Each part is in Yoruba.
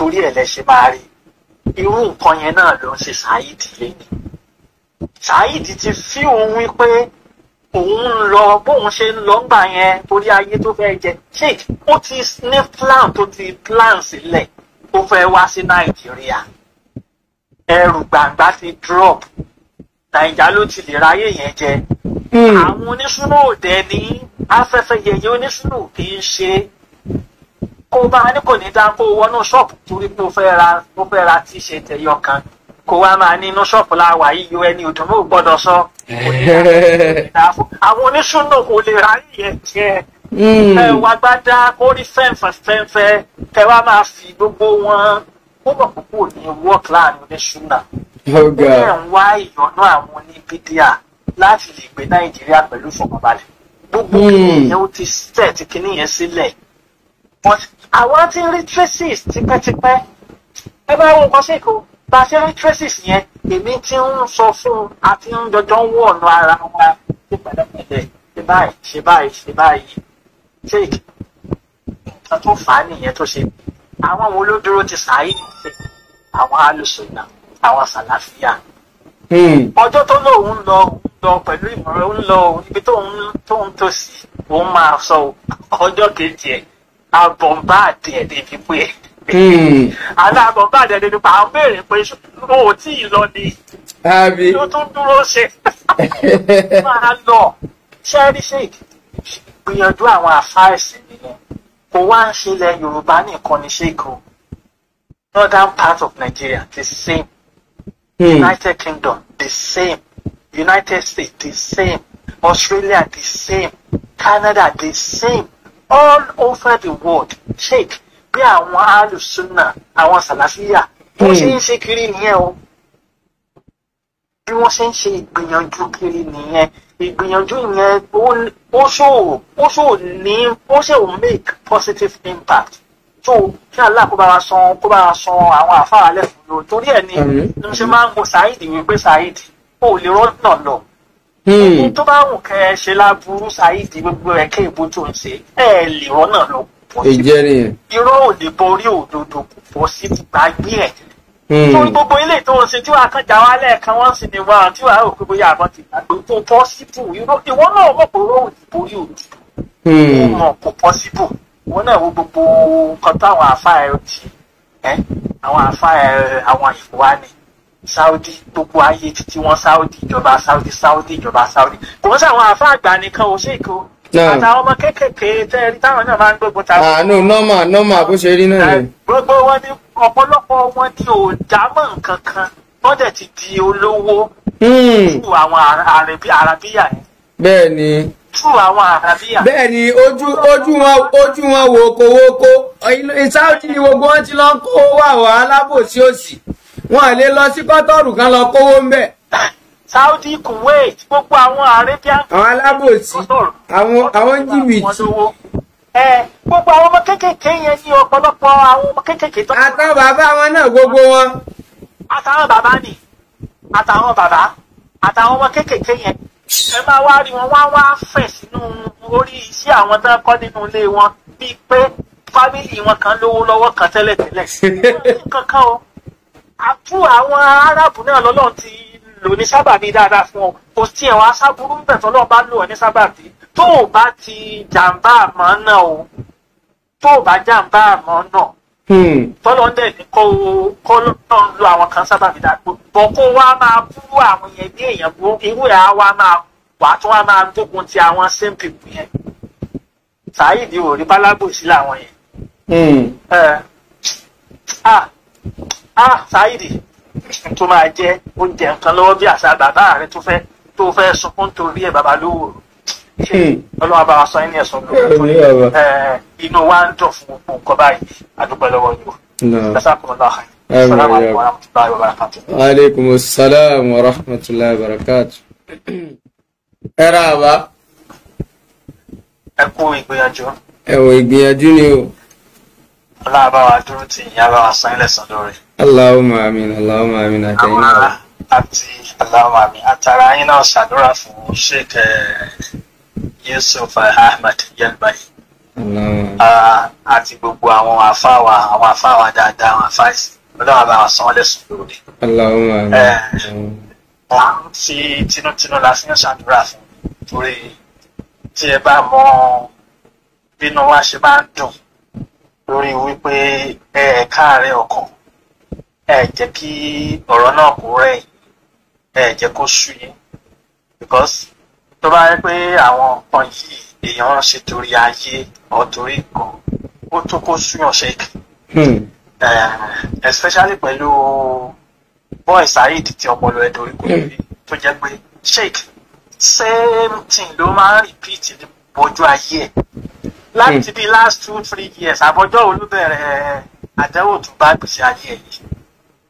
torí ẹ̀ lẹ máa rí irú nǹkan yẹn náà ló ń ṣe Saheed lẹ́nu Saheed ti fi òun wípé òun ń lọ bóun ṣe ń lọ ńgbà yẹn torí ayé tó fẹ́ jẹ sheik ó ti ní plan tó ti plan sílẹ̀ ó fẹ́ wá sí Nàìjíríà ẹrù gbàǹgbà ti drop nàìjà ló ti lè ráyè yẹn jẹ hmm. àwọn oníṣúná òde ní afẹ́fẹ́ yẹyẹ oníṣúná òde ń ṣe é kó bá ní kò ní dá kó wọnú ṣọ́ọ̀pù torí pé fẹ́ ra ó fẹ́ ra t-shirt ẹyọ kan kó wá máa ní inú ṣọ́ọ̀pù láwà yíyọ ẹni òdùnnú gbọ́dọ̀ sọ àwọn oníṣúná kò lè ra yíyẹ tiẹ̀ hmm. ẹ wá gbádá kó rí fẹ́ǹfẹ́ fẹ́ǹfẹ́ kẹ wá máa fi gbogbo wọn ó púpọ̀ ní work láàrin oníṣúná oh, ó bẹ̀rẹ̀ ń wá ìyọnú àwọn oníbídíà láti lè gbé Nàìjíríà pẹ̀lú ìfọ̀kànbalẹ̀ gbogbo hmm. kìnìyàn ó ti set kìnìyàn sílẹ̀ but àwọn tí ń rí traces tipẹ́tipẹ́ ẹ bá wo nǹkan sí ìkó bá a ṣe rí traces yẹn èmi ti ń sọ fún un àti ń jọjọ ń wọ̀ ọ̀nà ara wa ṣe pẹ̀lẹ́pẹ̀lẹ́ ṣe báyìí ṣe báyìí ṣe báyìí ṣe nǹkan tó fà á nìyẹn tó ṣe àwọn wo ló dúró ti sàáyé ṣe àwọn alùsùnà àwọn sàlàfíà hmm. ọjọ́ tó lóun lọ lọ pẹ̀lú ìmọ̀ràn ń lọ ibi tóun tó sí òun máa sọ ọjọ́ kejì ẹ̀ abọ̀nbáàdì ẹ̀dẹ̀ mi pé àná abọ̀nbáàdì ẹ̀dẹ̀ mi pa àwọn béèrè pé mo ò tí ì lọ ni kí ó tún dúró ṣe máa lọ ṣẹ́rí ṣèkì gbìyànjú àwọn àfáìsì nìyẹn kò wá ń ṣe ilẹ̀ Yorùbá nìkan ní o northern part of Nigeria the same hmm. United Kingdom the same United States the same Australia the same Canada the same all over the world sheikh bí àwọn alùsùnà àwọn sàlàfíà bó ṣe ń ṣe kiri nìyẹn o bí wọ́n ṣe ń ṣe ìgbìyànjú kiri nìyẹn ìgbìyànjú yẹn ó ṣòwò ó ṣòwò ní ó ṣòwò make positive impact So, kí Allah kó bá wa san kó bá wa san àwọn àfáà lẹ́fọ̀ọ́ lò torí ẹ̀ ni mo ṣe máa ń wo Saheed wípé Saheed ó lè rọ́nà lọ Hmm. ohun tó bá wù kẹ ẹ ṣe láburú ṣáìdì gbogbo ẹ kí èbó tó ń ṣe ẹ lè wọn náà lọ. ìjẹrin yẹn. irọ́ ò lè borí òdodo kò bọ́ sí gbàgbé ẹ̀. Hmm. torí gbogbo ilé tó ń ṣe tí wàá kàn já wá lẹ́ẹ̀kan wọ́n sì ní wọn àti wàá rò pé bóyá àbọ̀ ti gbàgbé tó pọ́síbù ìwọ náà mọ̀ pé irọ́ ò lè borí òdodo. Hmm. kò pọ́síbù wọn náà wo gbogbo nǹkan táwọn àfa ẹ̀ ti àwọn àfa ẹ̀ àwọn ìwà saudi gbogbo ayé títí wọn saudi ìjọba saudi saudi ìjọba saudi kò ń sàwọn àfa àgbà nìkan ò ṣe èkó àtàwọn ọmọ kéékèèké tẹ́ẹ̀rí táwọn náà máa ń gbógun ta. àánú nọ́mà nọ́mà bó ṣe rí náà ni. Eh, gbogbo wọn ni ọ̀pọ̀lọpọ̀ wọn ni ò dámọ̀ nǹkan kan wọ́n dẹ̀ ti di olówó. Hmm. tú àwọn arabiya yẹn. bẹ́ẹ̀ ni. tú àwọn arabiya. bẹ́ẹ̀ ni ojú ojú wọn ojú wọn wò kówókó saudi ni gbogbo wọn ti lọ kó wà wà alábòsí òsì wọn lè lọ sí kọ́tọ́rù kan lọ kówó ń bẹ̀. Saudi Kuwait gbogbo àwọn Arabian. àwọn alábòsí àwọn àwọn jìbìtì. ẹ gbogbo àwọn ọmọ kéékèèké yẹn ní ọ̀pọ̀lọpọ̀ àwọn ọmọ kéékèèké tó. àtàwọn bàbá wọn náà gbogbo wọn. àtàwọn bàbá nì àtàwọn bàbá àtàwọn ọmọ kéékèèké yẹn ẹ máa wá rí wọn wá wá fẹ̀ sínú orí iṣẹ́ àwọn tó ń kọ́ nínú ilé wọn bíi pé fámìlì wọn kan lówó lọ́wọ́ kan tẹ́lẹ̀tẹ́lẹ̀ kankan o àbú àwọn arábù náà lọ́lọ́run ti lò ní sábàbí dáadáa fún ọ kò sí ẹ̀wọ̀n aṣáburú ń bẹ̀ tó lọ́ọ́ bá lò ọ ní sábàbí tó o bá ti jàǹbá àmọ́ náà o tó o bá jàǹbá àmọ́ náà hmm. tọ́lọ́ dẹ̀ ní kó kó náà lo àwọn kan sábàbí dáadáa bọ̀ kó wá máa bú àwọn yẹn bí èèyàn bú irú ẹ̀ á wá máa wàá tún wá máa gbógun ti àwọn simpipu yẹn Saheed ò rí bálábòsí làwọn yẹn. Hmm ah Saidi tó máa jẹ oúnjẹ nǹkan lọ́wọ́ bí àṣà bàbá rẹ tó fẹ́ tó fẹ́ sunkún torí ẹ̀ bàbá lówó hmm. ọlọ́wọ́ bá wa sọ ẹni ẹ̀sọ́ lóko inú wa ń dùn fún gbogbo nǹkan báyìí àdúgbò lọ́wọ́ yìí lọ́sàkùnrin Assalamu alaikum warahmatullahi Wa alaikum assalam warahmatullahi wabarakatuh. Ẹ ra àbá. Ẹ kú ìgbìyànjú. Ẹ̀wọ̀n ìgbìyànjú ni o ọlọ́run bá wa dúró tì yín bá wa san ilẹ̀ sàn lórí. Allahumma amin Allahumma amin àtẹ̀yìn náà. àti Allahumma amin àtàrà yín náà ṣàdúrà fún Sheikh eh, Yusuf Ahmed Yelbayi ah, àti gbogbo àwọn àfáwà àwọn àfáwà dáadáa àwọn àfáìsì ọlọ́run bá wa san ilẹ̀ sàn lórí. Allahumma amin. Eh, à ń fi tinútinú la fi ń ṣàdúrà fún torí tí ẹ bá mọ bínú wa ṣe bá ń dùn lórí wípé ẹ káàárẹ̀ ọkàn ẹ jẹ́ kí ọ̀rọ̀ náà kó rẹ̀ ẹ jẹ́ kó sú yín because tó bá yẹ pé àwọn nǹkan yìí èèyàn ń ṣe torí ayé ọ̀tòrí nǹkan ó tó kó súyàn ṣèkì hmm. eh, especially pẹ̀lú boy saheed tí ọpọlọ ẹ̀ dorí kò lórí hmm. tó jẹ́ pé sheik same thing ló máa ń repeat bójú ayé ẹ̀ láti di hmm. last two three years àbọ̀jọ́ olúbẹ̀rẹ̀ eh, àdánwò tó bá gbèsè ayé ẹ̀ yìí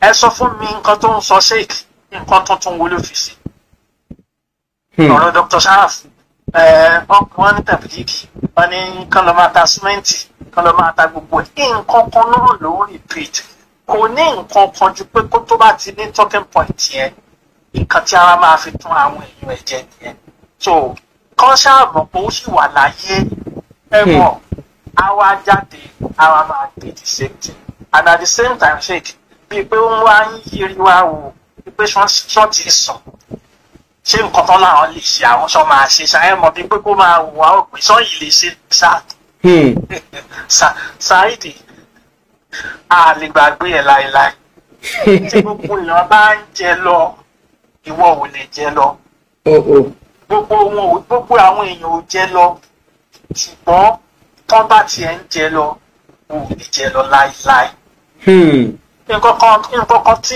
ẹ sọ fún mi nǹkan tó ń sọ sheik nǹkan tuntun wo ló fi sí hmm. ọ̀rọ̀ Dr. Sharaf eh, wọ́n ní tàbílíkì wọ́n ní kán lọ́ọ́ máa ta símẹ́ǹtì kán lọ́ọ́ máa ta gbogbo ẹ̀ nǹkan kan náà ló ń repeat kò ní nǹkan kan ju pé kó tó bá ti ní talking point yẹn nǹkan tí ara máa fi tún àwọn èèyàn ẹ̀ jẹ so kán ṣáà mọ̀ pé ó sì wà láyé ẹ hmm. mọ̀ àwa jáde àwa máa dé the same thing and at the same time sheik bíi pé ó ń wá ń yiri wá wò pé sọ ti sọ ṣé nǹkan tán làwọn lè ṣe àwọn sọ máa ṣe ṣáà ẹ mọ̀ bíi pé kó máa wà ó pè sọ yìí lè ṣe ṣáà hmm. ṣáàìdì a lè gbàgbé ẹ láéláé tí gbogbo èèyàn bá ń jẹ lọ ìwọ ò lè jẹ lọ oh, oh. gbogbo àwọn èèyàn ò jẹ lọ ṣùgbọ́n tán bá tiẹ̀ ń jẹ lọ wò ní jẹ lọ láéláé. Hmm. nǹkan kan tí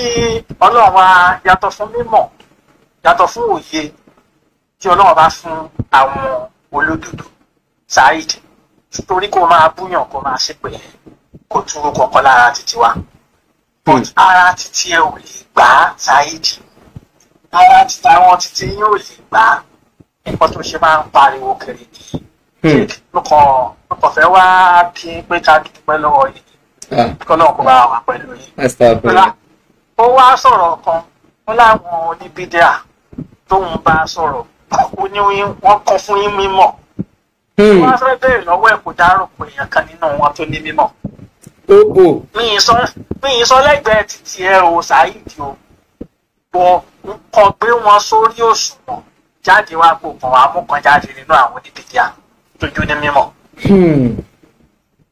ọlọ́run á yàtọ̀ fún mímọ̀ yàtọ̀ fún òye tí ọlọ́run bá fún àwọn olódodo Saheed torí kó máa búyàn kó máa ṣépè kó túrú kọ̀ọ̀kan lára títí wa hmm. ara títí ẹ ò lè gbà á ara títí àwọn títí yín lè gbà nǹkan tó ṣe máa ń pariwo kiri nìyí mo kàn mo kàn fẹ́ wá kí pé ká dúpẹ́ lọ́wọ́ yìí kọ́ náà kó bá wà pẹ̀lú yìí. ó wá sọ̀rọ̀ kan wọn láwọn oníbídíà tóun bá sọ̀rọ̀ ó ní wọ́n kọ́ fún yín mímọ̀ wọ́n fẹ́ bèrè lọ́wọ́ ẹ̀ kó dárò pé èèyàn kan nínú wọn tó ní mímọ̀. mi ì sọ lẹ́gbẹ̀ẹ́ títí ẹ o ṣáìdì o bọ̀ kàn gbé wọn sórí òṣùwọ̀n jáde wá kó kàn wá mú kan jáde nínú àwọn oníbídíà tójú ní mímọ̀. Hmm.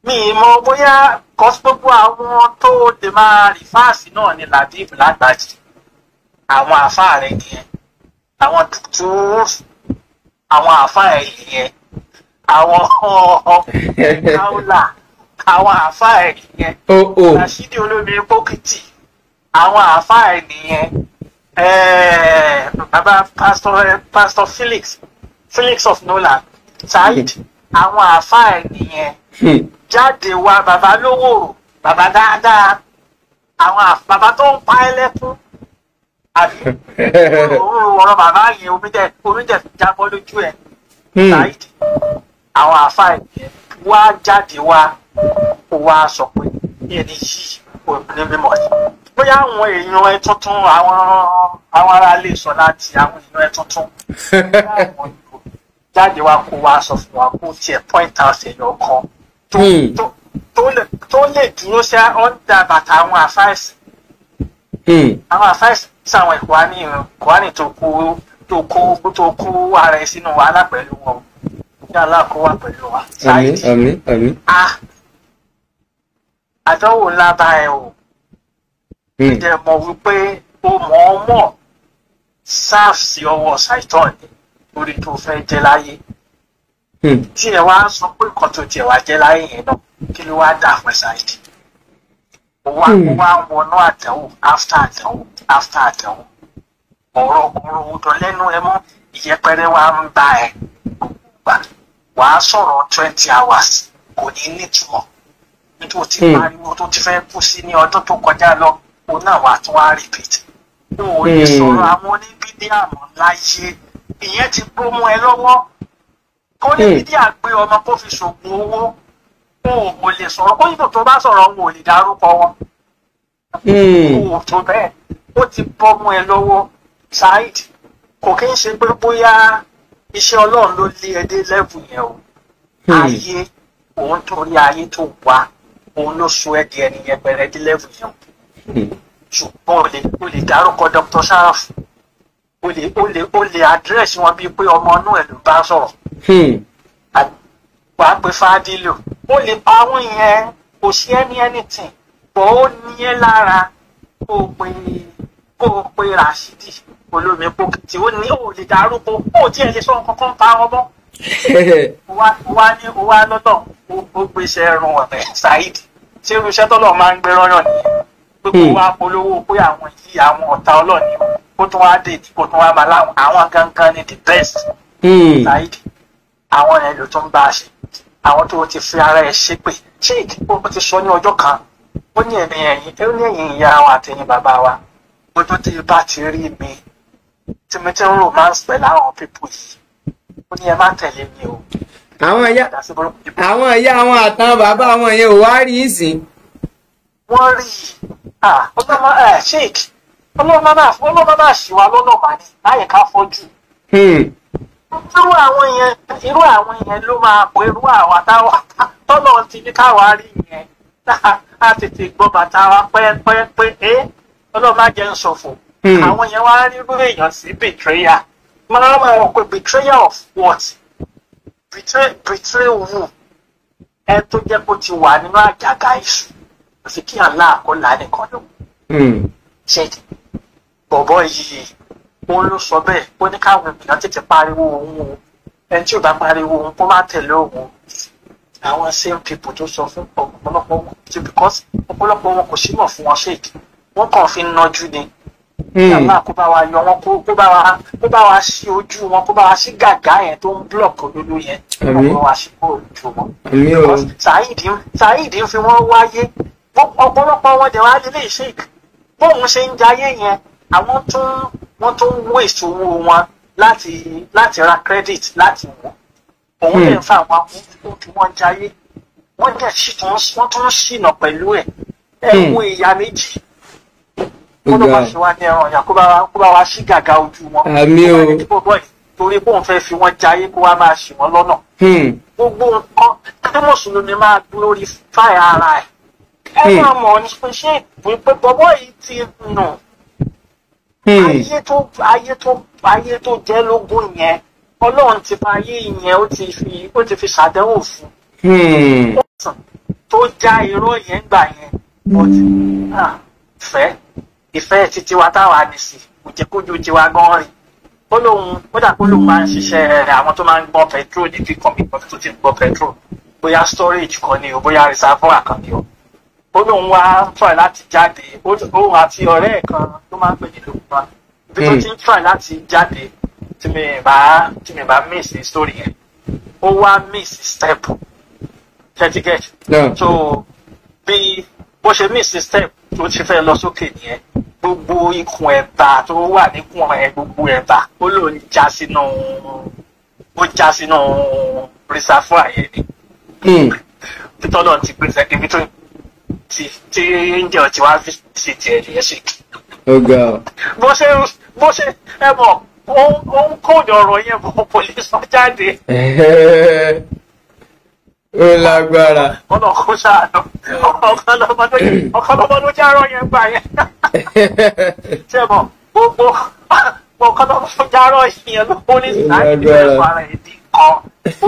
mi mọ bóyá kọ́sí gbogbo àwọn tó lè máa rí náà ni labib lágbàjì àwọn àfáà rẹ̀ nìyẹn àwọn dùtùrùs àwọn àfáà rẹ̀ nìyẹn àwọn ọ̀ọ́là àwọn àfáà rẹ̀ nìyẹn oh, oh. rashidi olómi bókìtì àwọn àfáà rẹ̀ nìyẹn bàbá pastor Felix Felix of Nolan saheed àwọn àáfàá ẹ̀ nìyẹn hmm. jáde wá bàbá lówòrò bàbá dáadáa àwọn bàbá tó ń pa ẹ́ lẹ́kún àbí òun ọ̀rọ̀ bàbá yẹn omijẹ omijẹ fi jábọ́ lójú ẹ̀ hmm. saheed àwọn àáfàá ẹ̀ wá jáde wá kó wá sọ pé ẹni yìí kò ní mímọ́ sí bóyá àwọn èèyàn ẹ tuntun àwọn àwọn ará ilé ìsọlá ti àwọn èèyàn ẹ tuntun. jáde wá kó wá sọ fún wa kó tiẹ̀ point out ẹ̀yọ̀ kan tó hmm. tó tó lè tó lè dúró sí ọ̀dà bàtà àwọn àfáìsì hmm. àwọn àfáìsì sáwọn ìkùránì ìkùránì tó kó tó kó tó kó ara ẹ sínú wàhálà pẹ̀lú wọn ní aláàkó wà pẹ̀lú wa. àmín àmín àmín. àdánwò ńlá bá ẹ o ìdẹ̀ hmm. mọ̀ wípé o mọ̀ ọ́ mọ̀ sáàsì ọwọ́ ṣàìtàn ni lórí tó fẹ́ jẹ́ láyé hmm. tí ẹ wá sọ pé nǹkan tó tiẹ̀ wá jẹ́ láyé yẹn náà kí ló wá dà fún ṣáìdì ó wá ó hmm. wá wọnú àtẹ̀wò after àtẹ̀wò after àtẹ̀wò ọ̀rọ̀ ọ̀rọ̀ òwúdọ̀ lẹ́nu ẹ mọ́ ìyẹpẹrẹ wa ń bá ẹ gbà wà á sọ̀rọ̀ twenty hours kò ní nítumọ̀ nítorí tí hmm. pariwo tó ti fẹ́ kú sí ní ọdún tó kọjá lọ òun náà wà tún wá repeat n ò lè sọ̀rọ̀ àwọn oníbídé àmọ́ láyé ìyẹn ti gbó mú ẹ lọ́wọ́ kó ní bídí àgbé ọmọ kó fi ṣògùn owó o ò lè sọ̀rọ̀ kó yíyọ tó bá sọ̀rọ̀ o ò lè dárúkọ wọn. o ò tó bẹ́ẹ̀ ó ti bọ́ mú ẹ lọ́wọ́ Saheed kò kí ń ṣe pé bóyá iṣẹ́ Ọlọ́run ló lé ẹ dé lẹ́bù yẹn o ayé òun torí ayé tó wá òun ló so ẹ di ẹni yẹn bẹ̀rẹ̀ dé lẹ́bù yẹn o ṣùgbọ́n o lè dárúkọ Dr. Sharaf o lè o lè o lè àdírẹ́sì wọn bíi pé ọmọ inú ẹ̀ ló bá sọ̀rọ̀ hmm. wà á pe fádìlò o lè pa àwọn yẹn kò sí ẹni anything bọ́ ó ní ẹ lára kó o pe kó o pe Rashidi olómi pòkìtì ó ní o lè dárúkọ ó tiẹ̀ lè sọ kankan pa ọmọ wá ní wá lọ́dọ̀ ó gbèsè ẹrùn ọ̀rẹ́ Saheed ṣé irú tọ́lọ̀ máa ń gbé rọ́yàn nìyẹn gbogbo wa polówó pé àwọn yìí àwọn ọ̀tá ọlọ́ọ̀ni kó tún wá dé kó tún wá máa láwọn àwọn gangan ni the best. Hmm. Saheed àwọn yẹn ló tún bá a ṣe àwọn tó ti fi ara ẹ̀ ṣépè Chief ó ti sọ ní ọjọ́ kan ó ní ẹ̀yìn ẹ̀yìn ó ní ẹ̀yìn ìyá wa àtẹ̀yìn bàbá wa gbogbo tí bá ti rí mi tí mo ti ń rò máa ń pẹ̀ láwọn pípò yìí ó ní ẹ má tẹ̀lé mi o. àwọn ìyá àwọn ìyá àwọn àtàwọn bàbá àwọn yẹn ò wá rí ìsìn. wọ́n rí i ọgbọ́n ah, Chief ọlọ́mọ máa lọ́nà bàdì láyè ká fọ́jú. Hmm. irú àwọn yẹn irú àwọn yẹn ló máa pọ̀ irú àwa táwa tọ́lọ̀ ti ní káwa rí yẹn a tètè gbọ́ bàtà wa pẹ́ẹ́pẹ́ẹ́pẹ́ ẹ́ ọlọ́mọ jẹ́ ń ṣọ̀fọ̀ hmm. àwọn yẹn wá rírú èèyàn sí betrayal máa máa wọ pé betrayal of what betray betray ẹ tó jẹ́ kó ti wà nínú àjàgà iṣu àfi kí àlá àkọlà nìkan lò. ṣe é bọ̀bọ̀ yìí òun ló sọ bẹ́ẹ̀ ó ní káwọn èèyàn tètè pariwo òun o ẹni tí ò bá pariwo òun kó má tẹ̀lé òun àwọn same people tó sọ fún ọ̀pọ̀lọpọ̀ wọn ti because ọ̀pọ̀lọpọ̀ wọn kò símọ̀ fún wọn ṣèkì wọn kàn fi ń nájú ni yàrá hmm. kó bá wa yọ wọn kó bá wa kó sí ojú wọn kó bá wa sí gàgá yẹn tó ń block olólù yẹn kó bá wa sí ojú wọn because Saheed ń fi wọn wáyé ọ̀pọ̀lọpọ̀ wọn dẹ̀ wá lé ṣèkì bóun ṣe ń jayé yẹn àwọn tó wọ́n tó ń waste owó wọn láti láti ra credit láti wò òun lè hmm. fa àwọn akókò tí wọ́n jayé wọ́n dẹ̀ sì tún wọ́n tún ṣìnà pẹ̀lú ẹ̀ ẹ̀ hmm. wo ìyá méjì kó ló bá fi wá ní ẹran yàn kó bá wá sí gàgà ojú wọn kó bá ní torí bóun fẹ́ fi wọ́n jayé kó wá máa ṣì wọ́n lọ́nà hmm. gbogbo nǹkan tí mùsùlùmí máa glorify ara ẹ̀ ẹ máa mọ̀ ní pé ṣé ìpín pé bọ́bọ́ yìí ti nù. Hmm. ayé tó ayé tó ayé tó jẹ́ lógún yẹn ọlọ́run ti fa ayé yẹn ó ti fi ó ti fi ṣàdánwò fún un hmm. tó já irọ́ yẹn gbà yẹn ó ti fẹ́ ìfẹ́ títí wa táwa nìsí kò jẹ́ kójú tiwa gan rìn ó lóun ó dà pé lóun máa ń ṣiṣẹ́ àwọn tó máa ń gbọ́n petrol ní kíkọ́ mi kan tó ti ń petrol bóyá storage kan ni o bóyá reservoir kan ni o ó lóun wá try láti jáde òun àti ọ̀rẹ́ ẹ̀ kan tó máa ń pè ní lòkùnbá bí tó hmm. ti ń try láti jáde tí mi bá tí mi bá miss story yẹn ó wá miss step certificate so bí bó ṣe miss step tó ti fẹ́ lọ sókè nìyẹn gbogbo ikùn ẹ̀bà tó wà níkùn ẹ̀ gbogbo ẹ̀bà ó lò já sínú ó já sínú reservoir yẹn ni. tọ́lọ̀ ti pèsè ibi tó tí tí angel ti wá fi tiẹ̀ nìyẹn sí. Oh, bó ṣe bó ṣe ẹ mọ̀ ó ń kóòdù ọ̀rọ̀ yẹn bọ̀ kò lè sọ jáde. ó lágbára. ọ̀nà kò ṣàánú ọ̀kan lọ́mọ ló járọ̀ yẹn gbà yẹn. ṣé mọ̀ gbogbo ọ̀kan lọ́mọ ló járọ̀ yẹn ló kó ní sáàkì fẹ́ fara ẹ̀ dín kan ó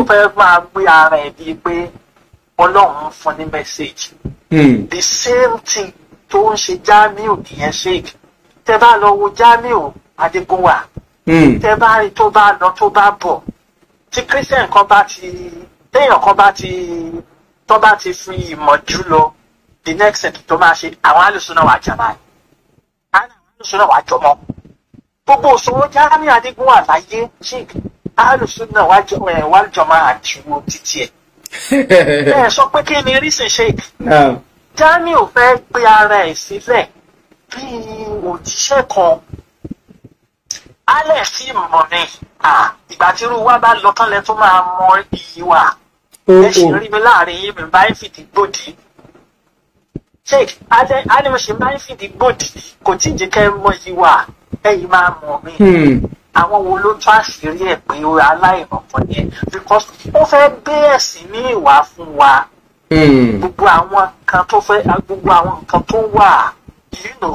fẹ́ máa gbé ara ẹ̀ bíi pé ọlọ́run fún ní mẹ́sáàgì. Hmm. the same thing tó ń ṣe Jamiu nìyẹn sheik tẹ bá lọ wo Jamiu Adégúnwà hmm. tẹ bá rí tó bá lọ tó bá bọ̀ tí christian kan bá ti téèyàn kan bá ti tó bá ti fi ìmọ̀ jù lọ the next step tó máa ṣe àwọn alùsùn náà wà jàmbá yìí àwọn alùsùn náà wà jọmọ gbogbo òṣòwò Jamiu Adégúnwà láyé sheik alùsùn náà wà jọmọ àdìwò títí ẹ̀ ẹ sọ pé kí ni rísìn sheik jami ò fẹ́ gbé ara ẹ̀ sílẹ̀ bí òjíṣẹ́ kan alẹ́ sì mọ̀ ni ah, ìgbà tí irú wa bá lọ tán lẹ tó máa mọ iyì wa oh, ẹ sì oh. rí mi láàrin yín mi bá ń fìdí gbòdì sheik alẹ́ alẹ́ mo ṣe bá ń fìdí gbòdì kò tí ì jẹ́ kẹ́ mọ iyì wa ẹ̀yin máa mọ̀ mi àwọn wo ló tó àṣírí ẹ̀ pé ó aláìmọ̀kan yẹn because ó fẹ́ gbé ẹ̀sìn ní ìwà fún wa hmm. gbogbo àwọn nǹkan tó fẹ́ gbogbo àwọn nǹkan tó wà yìí lò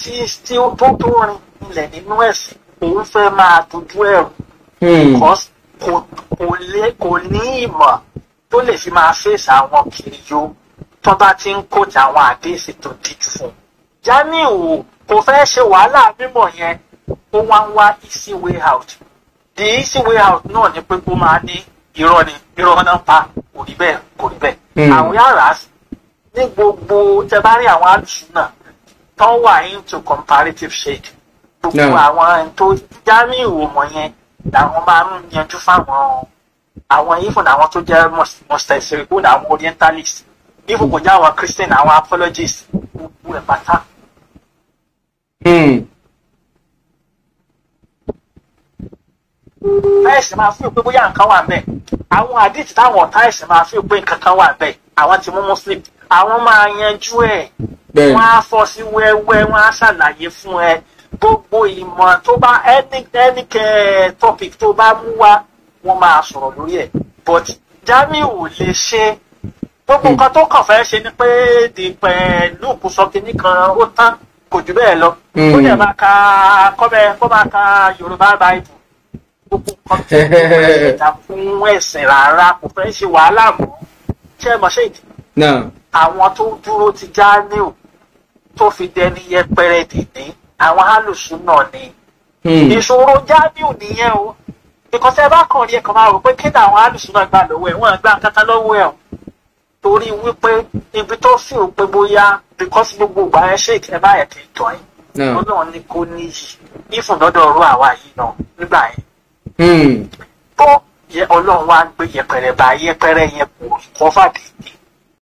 tí tí ó tó tó rin ilẹ̀ nínú ẹ̀sìn òun fẹ́ máa dojú ẹ̀rù hmm. because kò ní ìmọ̀ tó lè fi máa fèsì àwọn kiri yó tó bá ti ń kóòtù àwọn àdéhìsì tó díjú fún un. jamiu kò fẹ́ ṣe wàhálà mímọ̀ yẹn ó wá ń wá easy way out the easy way out náà ni pé kó máa ní irọ́ ni irọ́ náà pa kò rí bẹ́ẹ̀ kò rí bẹ́ẹ̀ hmm. àwọn yàrá ní gbogbo tẹ bá rí àwọn àdùsùn náà tán wà into comparative shade gbogbo àwọn tó járí ìwòmọ̀ yẹn làwọn máa ń yanjú fáwọn àwọn even àwọn tó jẹ́ mọ̀sẹ̀sẹ̀rẹ̀kú àwọn orientalist even kò jẹ́ àwọn christian àwọn apologists gbogbo ẹ̀ pátá. Hmm. táyẹ̀sì máa fi pé bóyá nǹkan wà ńbẹ̀ àwọn àdìtì táwọn táyẹ̀sì máa fi pé nǹkan wà ńbẹ̀ àwọn ti mú muslim àwọn máa yanjú ẹ̀ wọ́n á fọ́ sí wẹ́wẹ́ wọ́n á ṣàlàyé fún ẹ gbogbo ìmọ̀ tó bá ẹni topic tó bá mú wá wọ́n máa sọ̀rọ̀ lórí ẹ̀ but Jamiu ò lè ṣe gbogbo nǹkan tó kàn fẹ́ ṣe ni pé dìpẹ̀lú kùsọ̀kì nìkan ó tán kò jù bẹ́ẹ̀ lọ hmm. ó dẹ̀ máa ka kọ́ bẹ́ẹ̀ kó máa ka Yorùbá Bible gbogbo nǹkan tí fún ẹ̀sìn rárá kò fẹ́ ṣe wàhálà mọ́ ṣé ẹ mọ̀ ìdí. àwọn tó dúró ti Jamiu tó fi dẹni yẹpẹrẹ dìní àwọn alùsùn náà ni. ìṣòro Jamiu nìyẹn o because bá kàn rí ẹkàn máa rò pé kí làwọn alùsùn náà gbà lọ́wọ́ ẹ̀ wọ́n gbà kankan lọ́wọ́ ẹ̀ torí wípé ibi tó fi ò pé bóyá because gbogbo ìgbà ẹ ṣe ìkẹ́ báyẹ̀ kì í tọ́ ẹ̀. ó ni kò níyì ìfúndọ́dọ̀ ọ̀rọ̀ àwa yìí náà nígbà yẹn. Hmm. tó yẹ ọlọ́run wá ń gbé yẹpẹrẹ bá yẹpẹrẹ yẹn kò kọ́ fàdé